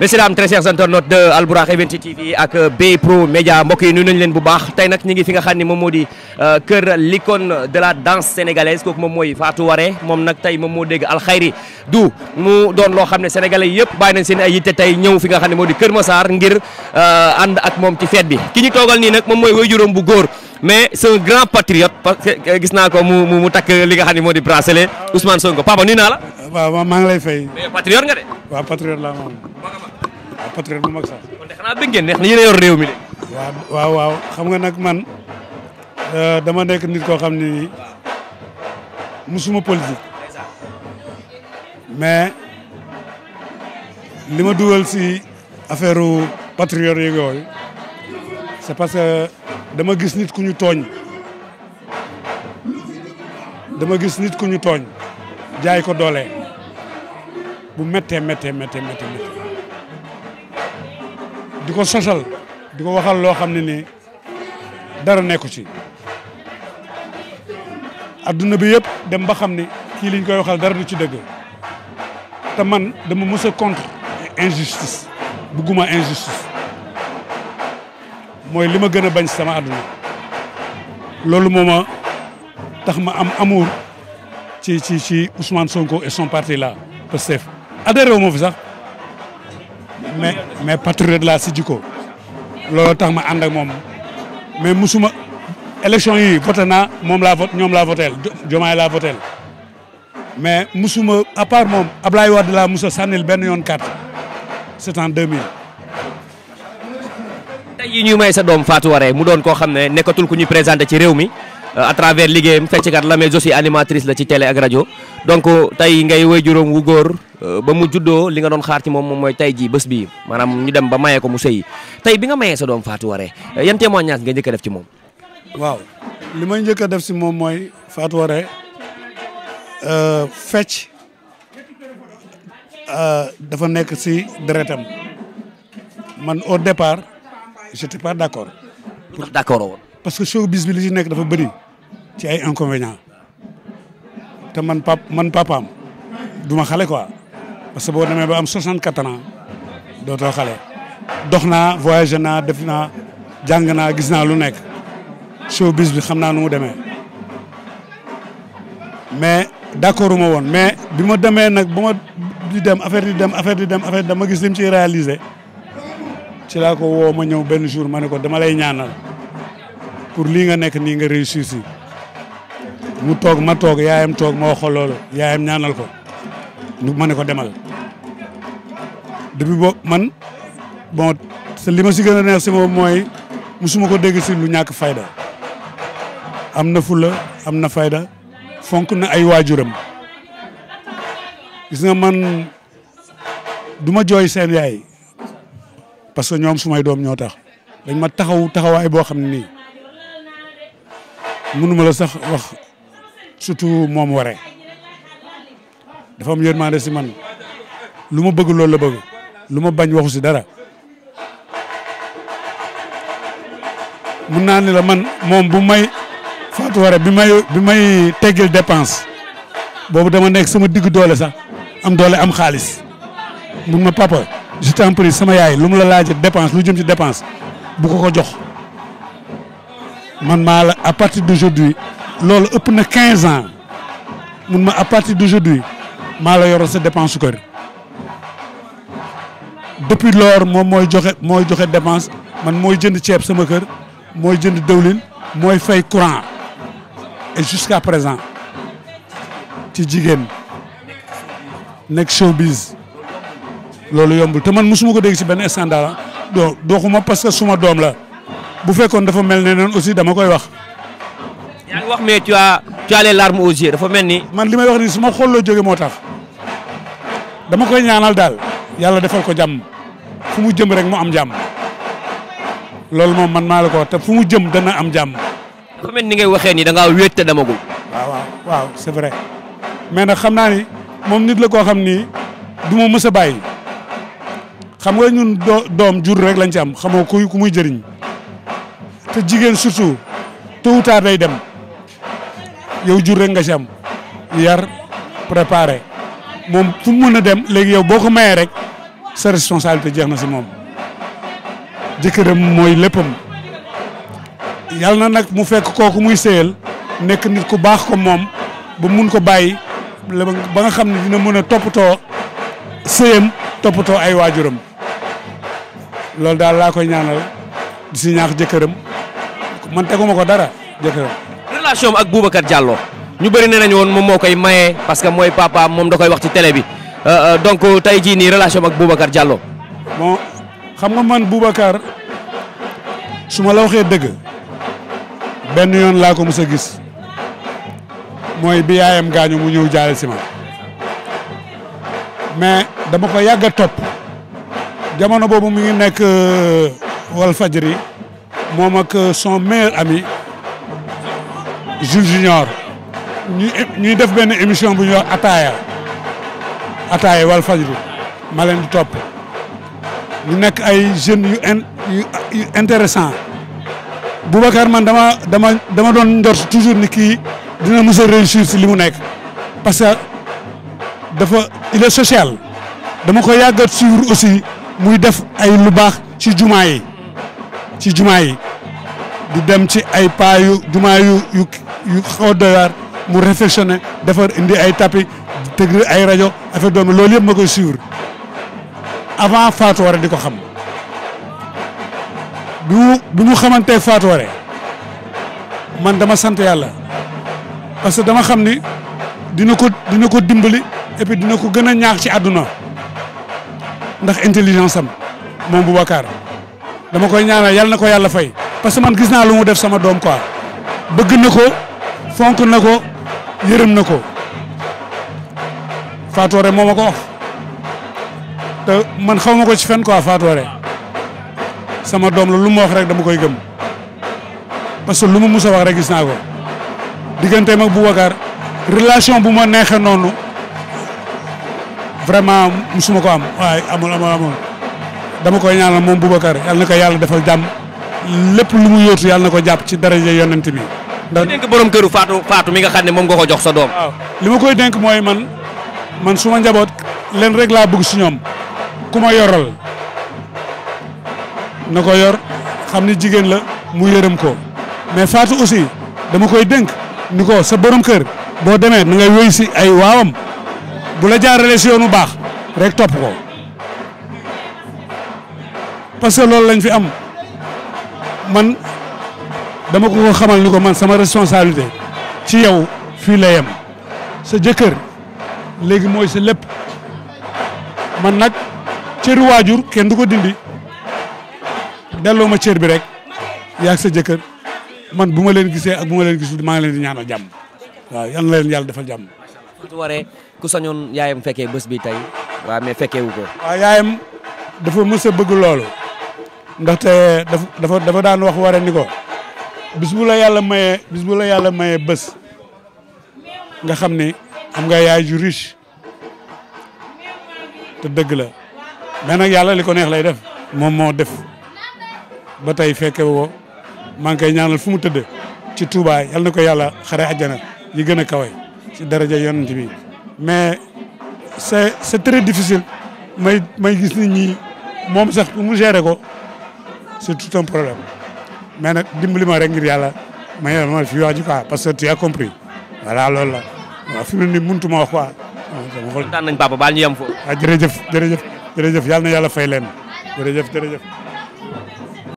messieurs dames très chers internautes de Alburakh Event TV ak B Pro Média mbokk yi nuyu nañ leen bu baax tey nag ñi ngi fi nga xam ne moom moo di euh, kër l'icône de la danse sénégalaise kooku moom mooy Fatou ware moom nag tey moom moo dégg alxayri du mu doon loo xam ne sénégalais yëpp bàyyi nañ seen ay yitte tey ñëw fi nga xam ne moo di Kër ma saar ngir euh, ànd ak moom ci feet bi ki ñu toogal nii nag moom mooy waajuram bu góor mais c'est un grand patriote parce que gis naa ko mu mu takk li nga xam ne moo di bracelet Ousmane Sonko papa nuyu naa la. Euh, waaw maa ngi lay fay. mais patriote nga de. waaw patriote laa moom. waaw patriote bu mag sax. kon de xanaa bëgg ngeen ne yéen a yor réew mi de. waaw waaw xam nga nag man euh, dama nekk nit koo xam ni musuma politique mais li ma dugal si affaire patriote yooyu c'est parce que. dama gis nit ku ñu tooñ dama gis nit ku ñu tooñ jaay ko doole bu méttee méttee méttee méttee di ko sosal di ko waxal loo xam ne ni dara nekku ci adduna bi yëpp dem ba xam ni kii liñ koy waxal dara du ci dëgg te man dama mës a contre injustice bugguma injustice mooy li ma gën a bañ sama àdduna loolu moo tax ma am amour ci ci ci Ousmane Sonko et son parti là Pastef adhéré wu ma fi sax mais mais patriote la si jikko looloo tax ma ànd ak moom mais musuma élection yi voté naa moom laa vote ñoom laa votel Diomaye la votel mais musuma à part moom Ablaye Wade laa musa sànnil benn yoon carte c'est en 2000 tey yi ñuy may sa doom Fatou Waré mu doon koo xam ne nekkatul ku ñuy présenté ci réew mi euh, à travers liggéeyam kat la mais aussi animatrice la ci télé ak rajo donc euh, tey ngay woy juróom wu góor euh, ba mu juddoo li nga doon xaar ci moom moom mooy tey jii bés bi maanaam ñu dem ba mayee ko mu sëyi tey bi nga mayee sa doom Fatou Waré yan témoignage nga njëkk a def ci moom waaw li may njëkk a def si moom mooy Fatou Waré fecc dafa nekk si deretam man au départ j' étais pas d' accord. pour d' accord woon. parce que showbiz bi li ci nekk dafa bëri ci ay inconvénients te man pap man papaam du ma xale quoi parce que boo demee ba am 64 ans dootoo xale. dox naa voyagé naa def naa jàng naa gis naa lu nekk showbiz bi xam naa nu mu demee mais d' accord ma woon mais bi ma demee nag bu ma di dem affaire di dem affaire di dem affaire di dem ma gis lim ci réaliser ci laa ko woo ma ñëw benn jour ma ne ko dama lay ñaanal pour lii nga nekk nii nga réussir si mu toog ma toog yaayam toog ma wax ko yaayam ñaanal ko nu ma ne ko demal depuis bo man bon te li ma si neex si moom mooy musuma ko dégg si lu ñàkk fayda am na fula am na fayda fonk na ay waajuram gis nga man duma ma jooy seen yaay parce que ñoom sumay doom ñoo tax dañ ma taxaw taxawaay boo xam ne nii mënuma la sax wax surtout moom waree dafa am yërmande si man lu ma bëgg loolu la bëgg lu ma bañ waxu si dara mun naa ni la man moom bu may Fatou Waré bi may bi may teggil dépense boobu dama nekk suma digg doole sax am doole am xaalis mun ma papa je en prie sama yaay lu mu la laaj dépense lu jëm ci dépense bu ko ko jox man maa la à partir d'aujourd'hui loolu ëpp na 15 ans mun ma à partir d'aujourd'hui maa la yoroon sa dépense su kër depuis lors moom mooy joxe mooy joxe dépense man mooy jënd ceeb sama kër mooy jënd dëwlin mooy fay courant et jusqu'à présent ci jigéen nekk showbiz loolu yombul te man mosuma ko dégg si benn scandale do doxuma parce que suma doom la bu fekkoon dafa mel ne noonu aussi dama koy wax. yaa ngi wax mais tu as tu as dafa mel ni. man li may wax nii suma xol la jógee moo tax dama koy ñaanal daal yàlla defal ko jàmm fu mu jëm rek mu am jàmm loolu moom man maa la ko wax te fu mu jëm dana am jàmm. dafa mel ni ngay waxee nii da ngaa wéet te damagul. ko waaw waaw c'est vrai mais nag xam naa ni moom nit la koo xam ni du ma mës a bàyyi. xam nga ñun doom jur rek lañ ci am xamoo ku ku muy jëriñ te jigéen surtout tôt ou tard day dem yow jur rek nga ci am yar préparé moom fu mu mën a dem léegi yow boo ko mayee rek sa responsabilité jeex na si moom jëkkëram mooy léppam yàlla na nag mu fekk kooku muy sëyal nekk nit ku baax ko moom ba mun ko bàyyi ba nga xam ne dina mën a toppatoo sëyam toppatoo ay waajuram loolu daal laa koy ñaanal di si ñaax jëkkëram man teguma ko dara jëkkëram. relation ak Boubacar jàlloo ñu bëri nee nañu woon moom moo koy maye parce que mooy papa moom da koy wax ci télé bi euh, euh, donc tey jii nii relation ak Boubacar Diallo. bon xam nga man Boubacar su ma la waxee dëgg benn yoon laa ko mës a gis mooy bi yaayam gaañu mu ñëw jaale si ma mais dama ko yàgg topp. jamono boobu mu ngi nekk euh, Walfadjri moom ak euh, son meilleur ami Jules Junior ñuy ñuy def benn émission bu ñuy wax ataaya ataaya Walfadjri ma leen di topp ñu nekk ay jeunes yu in yu intéressant Boubacar man dama dama dama doon njort toujours ni kii dina mos a réussir si li mu nekk parce que dafa il est social dama ko yàggat suivre aussi muy def ay lu baax ci jumaa yi ci jumaa yi du dem ci ay paa yu jumaa yu yu yu mu réfectionné defar indi ay tapis tëgg ay rajo affaire doomi loolu yëpp ma koy suivre avant Fatou Waré di ko xam bu bu ñu xamantee Fatou Waré man dama sant yàlla parce que dama xam ni dina ko dina ko dimbali et dina ko gën a ñaax ci àdduna ndax intelligence am moom bu Boubacar dama koy ñaanal yàlla na ko yàlla fay parce que man gis naa lu mu def sama doom quoi bëgg na ko fonk na ko yërëm na ko Fatoore moo ma ko wax te man xaw ma ko ci fen quoi Fatoore sama doom la lu ma wax rek dama koy gëm parce que lu ma mus wax rek gis naa ko digganteem ak Boubacar relation bu ma neexee noonu. vraiment suma ko am waaye amul amul amul dama koy ñaanal moom Boubacar yàlla na ko yàlla defal jàmm lépp lu mu yóotu yàlla na ko jàpp ci daraja yonent bi. ndax dénk borom këru Fatou Fatou mi nga xam ne moom nga ko jox sa doom. waaw li ma koy dénk mooy man man su njaboot leen rek laa bëgg si ñoom ku ma yoral na ko yor xam ni jigéen la mu yërëm ko mais Fatou aussi dama koy dénk ni ko sa borom kër boo demee na ngay ay waawam. bu la jaarale si yoonu baax rek topp ko parce que loolu lañ fi am man dama ko ko xamal ni ko man sama responsabilité ci yow fii la yem sa jëkkër léegi mooy sa lépp man nag cëru waajur kenn du ko dindi delloo ma cër bi rek yaa sa jëkkër man bu ma leen gisee ak bu ma leen gis maa leen di ñaanal jàmm waaw yal na leen yàlla defal jàmm. su waree ku sañoon yaayam fekkee bës bi tey waaw mais fekkee wu ko. waa yaayam dafa mës bëgg loolu. ndaxte dafa dafa daan wax waree ni ko. bis bu la yàlla mayee bis yàlla mayee bés nga xam ni am nga yaay ju riche te dëgg la mais nag yàlla li ko neex lay def moom moo def ba tey fekke woo maa ngi koy ñaanal fu mu tëdd ci tuubaa yàlla na ko yàlla xare àjjana yi gën a kawe ci daraja yonent bi mais c'est c'est très difficile may may gis nit ñi moom sax pour mu gérer ko c'est tout un problème mais nag dimbali ma rek ngir yàlla ma yàlla ma fi wax ji parce que tu as compris voilà loolu la waaw fi mu ne nii ma wax quoi. daan nañ papa baal ñu yem ah, yàlla na yàlla fay leen jërëjëf jërëjëf.